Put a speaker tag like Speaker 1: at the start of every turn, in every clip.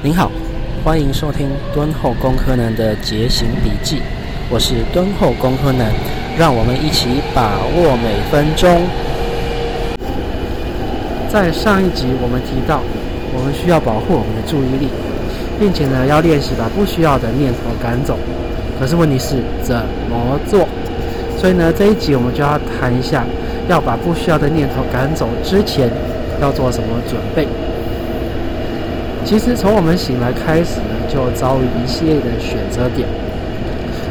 Speaker 1: 您好，歡迎收聽敦厚工科男的節行筆記，我是敦厚工科男，讓我們一起把握每分鐘。在上一集我們提到，我們需要保護我們的注意力，並且呢要練習把不需要的念頭趕走。可是問題是怎麼做？所以呢這一集我們就要談一下，要把不需要的念頭趕走之前要做什麼準備。其實從我們醒來開始呢，就遭遇一系列的選擇點。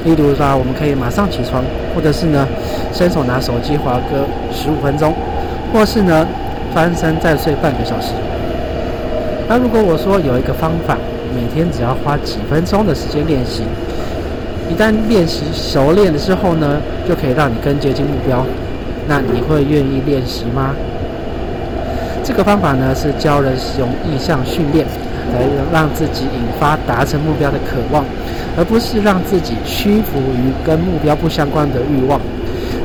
Speaker 1: 例如說，我們可以馬上起床，或者是呢，伸手拿手機滑個十五分鐘，或是呢，翻身再睡半個小時。那如果我說有一個方法，每天只要花幾分鐘的時間練習，一旦練習熟練了之後呢，就可以讓你更接近目標，那你會願意練習嗎？這個方法呢，是教人使用意象訓練來讓自己引發達成目標的渴望，而不是讓自己屈服於跟目標不相關的慾望。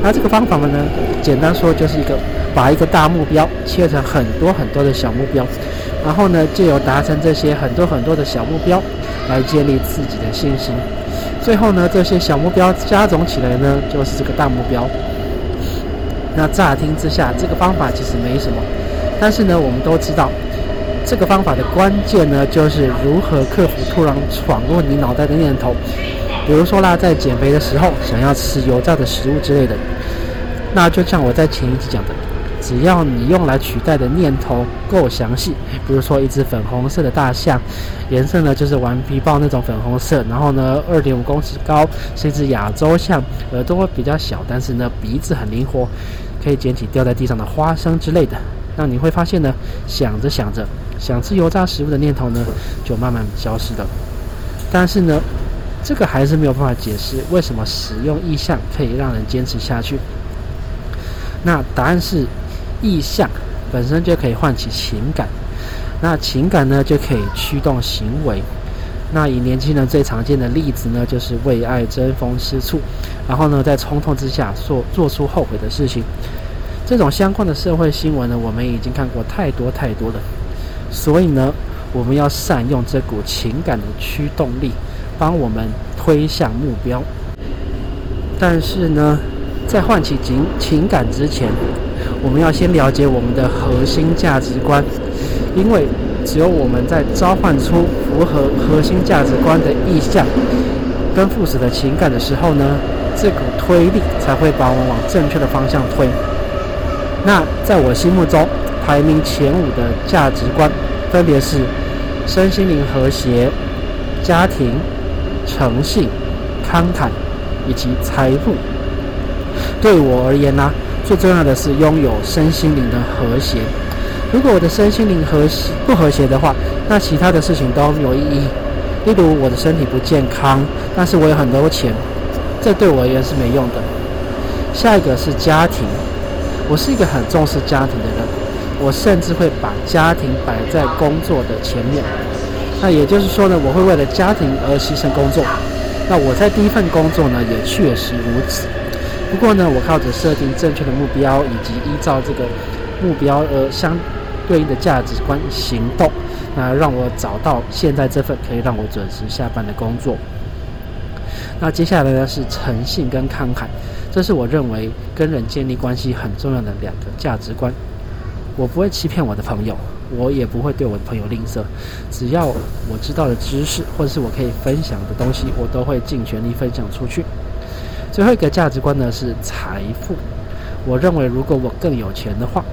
Speaker 1: 那這個方法呢，簡單說就是一個把一個大目標切成很多很多的小目標，然後呢，借由達成這些很多很多的小目標來建立自己的信心。最後呢，這些小目標加總起來呢，就是這個大目標。那乍聽之下，這個方法其實沒什麼。但是呢，我們都知道，這個方法的關鍵呢，就是如何克服突然闖入你腦袋的念頭。比如說啦，在減肥的時候，想要吃油炸的食物之類的。那就像我在前一集講的，只要你用來取代的念頭夠詳細，比如說一隻粉紅色的大象，顏色呢就是頑皮豹那種粉紅色，然後呢二點五公尺高，是一隻亞洲象，耳朵比較小，但是呢鼻子很靈活，可以撿起掉在地上的花生之類的。那你會發現呢，想着想着，想吃油炸食物的念頭呢，就慢慢消失了。但是呢，這個還是沒有辦法解釋為什麼使用意象可以讓人堅持下去。那答案是，意象本身就可以喚起情感，那情感呢就可以驅動行為。那以年輕人最常見的例子呢，就是為愛爭風吃醋，然後呢在衝動之下做做出後悔的事情。這種相關的社會新聞呢，我們已經看過太多太多了，所以呢，我們要善用這股情感的驅動力，幫我們推向目標。但是呢，在喚起情情感之前，我們要先了解我們的核心價值觀，因為只有我們在召喚出符合核心價值觀的意象，跟副使的情感的時候呢，這股推力才會把我們往正確的方向推。那在我心目中，排名前五的價值觀，分別是身心靈和諧、家庭、誠信、慷慨以及財富。對我而言呢，啊，最重要的是擁有身心靈的和諧。如果我的身心靈和諧不和諧的話，那其他的事情都沒有意義。例如，我的身體不健康，但是我有很多錢，這對我而言是沒用的。下一個是家庭。我是一個很重視家庭的人，我甚至會把家庭擺在工作的前面。那也就是說呢，我會為了家庭而犧牲工作。那我在第一份工作呢，也確實如此。不過呢，我靠着設定正確的目標，以及依照這個目標而相對應的價值觀行動，那讓我找到現在這份可以讓我準時下班的工作。那接下來呢，是誠信跟慷慨。這是我認為跟人建立關係很重要的兩個價值觀。我不會欺騙我的朋友，我也不會對我的朋友吝嗇。只要我知道的知識或者是我可以分享的東西，我都會盡全力分享出去。最後一個價值觀呢，是財富。我認為如果我更有錢的話，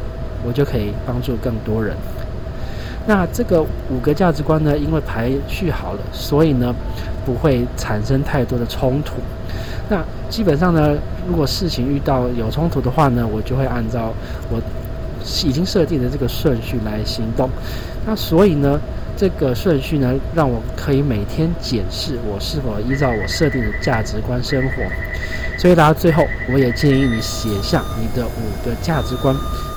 Speaker 1: 我就可以幫助更多人。那這個五個價值觀呢，因為排序好了，所以呢不會產生太多的衝突。那基本上呢，如果事情遇到有衝突的話呢，我就會按照我已經設定的這個順序來行動。那所以呢，這個順序呢，讓我可以每天檢視我是否依照我設定的價值觀生活。所以，大家最後我也建議你寫下你的五個價值觀，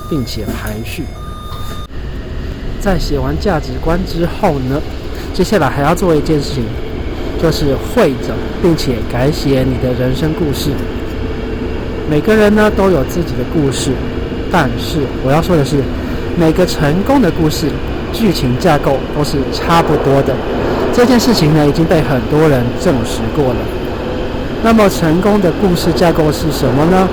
Speaker 1: 並且排序。在寫完價值觀之後呢，接下來還要做一件事情。就是會者，並且改寫你的人生故事。每個人呢，都有自己的故事，但是我要說的是，每個成功的故事劇情架構都是差不多的。這件事情呢，已經被很多人證實過了。那麼成功的故事架構是什麼呢？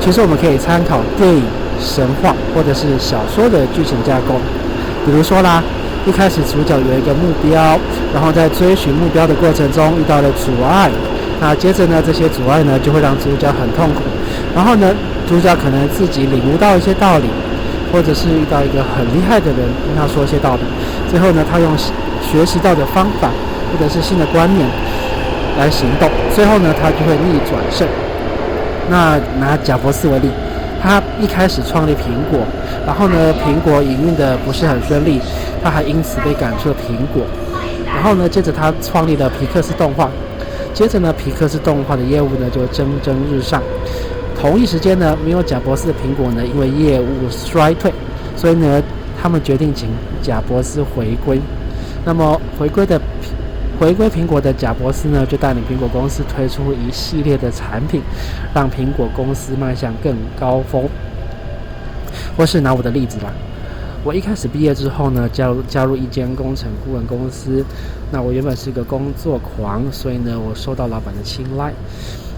Speaker 1: 其實我們可以參考電影、神話或者是小說的劇情架構，比如說啦。一開始主角有一個目標，然後在追尋目標的過程中遇到了阻礙，那接着呢，這些阻礙呢就會讓主角很痛苦，然後呢，主角可能自己領悟到一些道理，或者是遇到一個很厲害的人跟他說一些道理，最後呢，他用學習到的方法或者是新的觀念來行動，最後呢，他就會逆轉勝。那拿賈伯斯為例。他一開始創立蘋果，然後呢，蘋果營運的不是很順利，他還因此被趕出了蘋果。然後呢，接着他創立了皮克斯動畫，接着呢，皮克斯動畫的業務呢就蒸蒸日上。同一時間呢，沒有賈伯斯的蘋果呢，因為業務衰退，所以呢，他們決定請賈伯斯回歸。那麼回歸的。回歸蘋果的賈伯斯呢，就帶領蘋果公司推出一系列的產品，讓蘋果公司邁向更高峰。或是拿我的例子吧，我一開始畢業之後呢，加入加入一間工程顧問公司，那我原本是一個工作狂，所以呢，我受到老闆的青睞。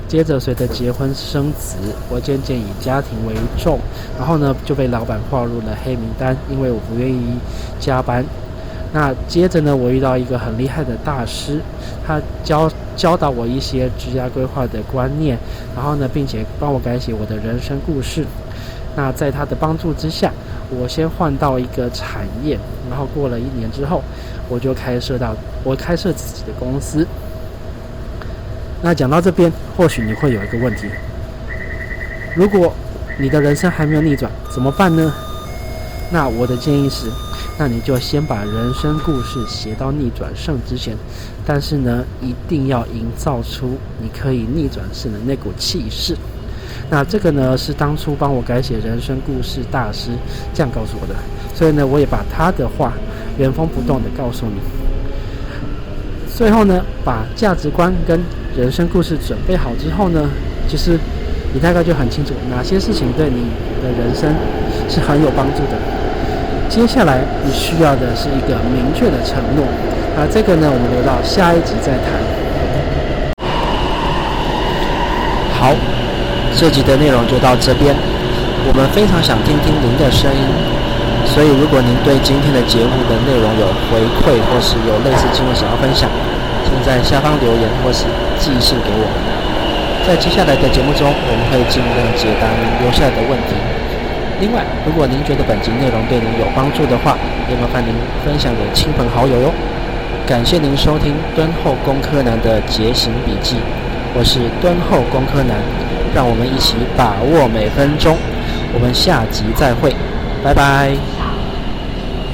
Speaker 1: 接着隨着結婚生子，我漸漸以家庭為重，然後呢，就被老闆劃入了黑名單，因為我不願意加班。那接着呢，我遇到一個很厲害的大師，他教教導我一些職業規劃的觀念，然後呢，並且幫我改寫我的人生故事。那在他的幫助之下，我先換到一個產業，然後過了一年之後，我就開設到我開設自己的公司。那講到這邊，或許你會有一個問題：如果你的人生還沒有逆轉，怎麼辦呢？那我的建議是。那你就先把人生故事寫到逆轉勝之前，但是呢，一定要營造出你可以逆轉勝的那股氣勢。那這個呢，是當初幫我改寫人生故事大師這樣告訴我的，所以呢，我也把他的話原封不動的告訴你。最後呢，把價值觀跟人生故事準備好之後呢，其實你大概就很清楚哪些事情對你的人生是很有幫助的。接下來你需要的是一個明確的承諾，啊，這個呢，我們留到下一集再談。好，這集的內容就到這邊。我們非常想聽聽您的聲音，所以如果您對今天的節目的內容有回饋，或是有類似經歷想要分享，請在下方留言或是寄信給我。在接下來的節目中，我們會盡量解答您留下的問題。另外，如果您覺得本集內容對您有幫助的話，也麻煩您分享給親朋好友喲。感謝您收聽敦厚工科男的節行筆記，我是敦厚工科男，讓我們一起把握每分鐘。我們下集再會，拜拜。